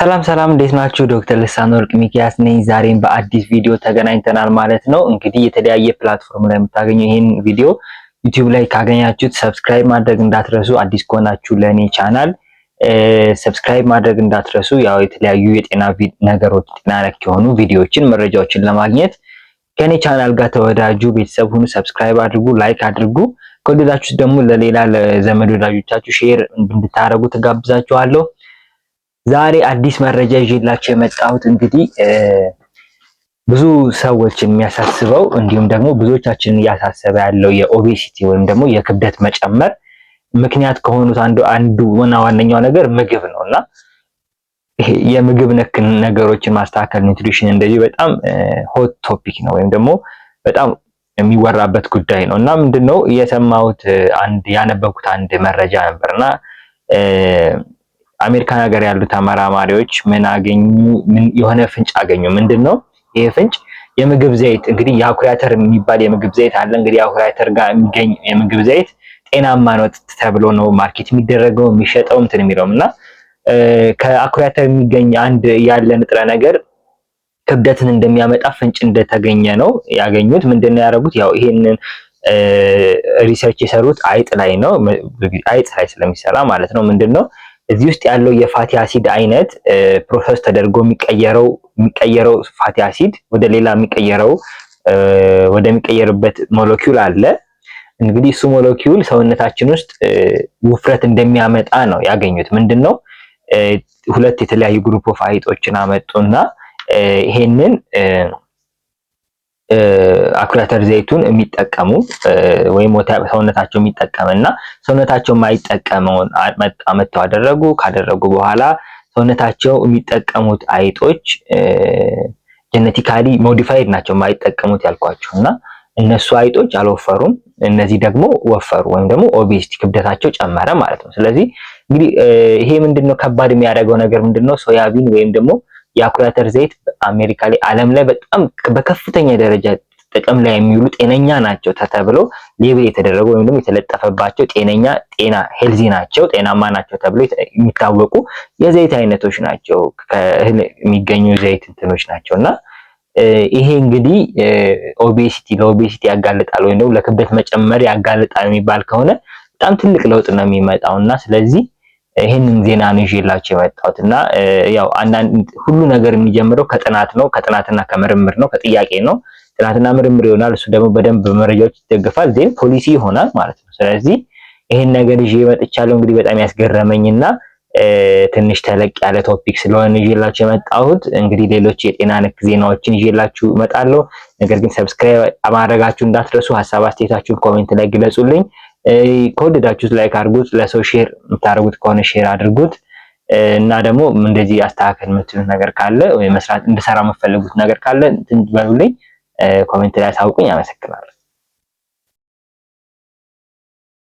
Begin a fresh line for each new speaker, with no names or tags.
ሰላም ሰላም እንዴት ናችሁ? ዶክተር ልሳን ወርቅ ሚኪያስ ነኝ። ዛሬም በአዲስ ቪዲዮ ተገናኝተናል ማለት ነው። እንግዲህ የተለያየ ፕላትፎርም ላይ የምታገኘው ይህን ቪዲዮ ዩቲዩብ ላይ ካገኛችሁት ሰብስክራይብ ማድረግ እንዳትረሱ። አዲስ ከሆናችሁ ለእኔ ቻናል ሰብስክራይብ ማድረግ እንዳትረሱ። ያው የተለያዩ የጤና ነገሮች፣ ጤና ነክ የሆኑ ቪዲዮዎችን መረጃዎችን ለማግኘት ከእኔ ቻናል ጋር ተወዳጁ። ቤተሰብ ሁኑ፣ ሰብስክራይብ አድርጉ፣ ላይክ አድርጉ። ከወደዳችሁት ደግሞ ለሌላ ለዘመድ ወዳጆቻችሁ ሼር እንድታደረጉ ትጋብዛችኋለሁ። ዛሬ አዲስ መረጃ ይዤላችሁ የመጣሁት እንግዲህ ብዙ ሰዎች የሚያሳስበው እንዲሁም ደግሞ ብዙዎቻችንን እያሳሰበ ያለው የኦቤሲቲ ወይም ደግሞ የክብደት መጨመር ምክንያት ከሆኑት አንዱ አንዱ እና ዋነኛው ነገር ምግብ ነው እና የምግብ ነክ ነገሮችን ማስተካከል ኒውትሪሽን እንደዚህ በጣም ሆት ቶፒክ ነው ወይም ደግሞ በጣም የሚወራበት ጉዳይ ነው እና ምንድነው የሰማሁት አንድ ያነበብኩት አንድ መረጃ ነበርና አሜሪካን ሀገር ያሉ ተመራማሪዎች ምን አገኙ? የሆነ ፍንጭ አገኙ። ምንድን ነው ይሄ ፍንጭ? የምግብ ዘይት እንግዲህ የአኩሪ አተር የሚባል የምግብ ዘይት አለ። እንግዲህ የአኩሪ አተር ጋር የሚገኝ የምግብ ዘይት ጤናማ ነው ተብሎ ነው ማርኬት የሚደረገው የሚሸጠው እንትን የሚለውም እና ከአኩሪ አተር የሚገኝ አንድ ያለ ንጥረ ነገር ክብደትን እንደሚያመጣ ፍንጭ እንደተገኘ ነው ያገኙት። ምንድን ነው ያደረጉት? ያው ይሄንን ሪሰርች የሰሩት አይጥ ላይ ነው። አይጥ ላይ ስለሚሰራ ማለት ነው። ምንድን ነው እዚህ ውስጥ ያለው የፋቲ አሲድ አይነት ፕሮሰስ ተደርጎ የሚቀየረው የሚቀየረው ፋቲ አሲድ ወደ ሌላ የሚቀየረው ወደሚቀየርበት ሞለኪውል አለ። እንግዲህ እሱ ሞለኪውል ሰውነታችን ውስጥ ውፍረት እንደሚያመጣ ነው ያገኙት። ምንድን ነው ሁለት የተለያዩ ግሩፕ ኦፍ አይጦችን አመጡና ይሄንን አኩሪ አተር ዘይቱን የሚጠቀሙ ወይም ሰውነታቸው የሚጠቀም እና ሰውነታቸው የማይጠቀመውን መጥተው አደረጉ። ካደረጉ በኋላ ሰውነታቸው የሚጠቀሙት አይጦች ጀነቲካሊ ሞዲፋይድ ናቸው የማይጠቀሙት ያልኳቸው እና እነሱ አይጦች አልወፈሩም። እነዚህ ደግሞ ወፈሩ ወይም ደግሞ ኦቤስቲ ክብደታቸው ጨመረ ማለት ነው። ስለዚህ እንግዲህ ይሄ ምንድነው ከባድ የሚያደርገው ነገር ምንድነው ሶያቢን ወይም ደግሞ የአኩሪ አተር ዘይት አሜሪካ ላይ ዓለም ላይ በጣም በከፍተኛ ደረጃ ጥቅም ላይ የሚውሉ ጤነኛ ናቸው ተብለው ሌብል የተደረገ ወይም ደግሞ የተለጠፈባቸው ጤነኛ ጤና ሄልዚ ናቸው ጤናማ ናቸው ተብለው የሚታወቁ የዘይት አይነቶች ናቸው። ከእህል የሚገኙ ዘይት እንትኖች ናቸው እና ይሄ እንግዲህ ኦቤሲቲ ለኦቤሲቲ ያጋልጣል ወይም ደግሞ ለክብደት መጨመር ያጋልጣል የሚባል ከሆነ በጣም ትልቅ ለውጥ ነው የሚመጣው እና ስለዚህ ይህንን ዜና ነው ይዤላችሁ የመጣሁት እና ያው አንዳንድ ሁሉ ነገር የሚጀምረው ከጥናት ነው፣ ከጥናትና ከምርምር ነው፣ ከጥያቄ ነው። ጥናትና ምርምር ይሆናል። እሱ ደግሞ በደንብ በመረጃዎች ይደግፋል፣ ዜን ፖሊሲ ይሆናል ማለት ነው። ስለዚህ ይህን ነገር ይዤ መጥቻለሁ። እንግዲህ በጣም ያስገረመኝና ትንሽ ተለቅ ያለ ቶፒክ ስለሆነ ይዤላችሁ የመጣሁት እንግዲህ ሌሎች የጤና ነክ ዜናዎችን ይዤላችሁ እመጣለሁ። ነገር ግን ሰብስክራይብ ማድረጋችሁ እንዳትረሱ። ሀሳብ አስተያየታችሁን ኮሜንት ላይ ግለጹልኝ። ከወደዳችሁት ላይክ አድርጉት። ለሰው ሼር የምታደርጉት ከሆነ ሼር አድርጉት እና ደግሞ እንደዚህ አስተካከል የምትሉት ነገር ካለ ወይ መስራት እንድሰራ የምትፈልጉት ነገር ካለ እንትን በሉልኝ፣ ኮሜንት ላይ አሳውቁኝ። አመሰግናለሁ።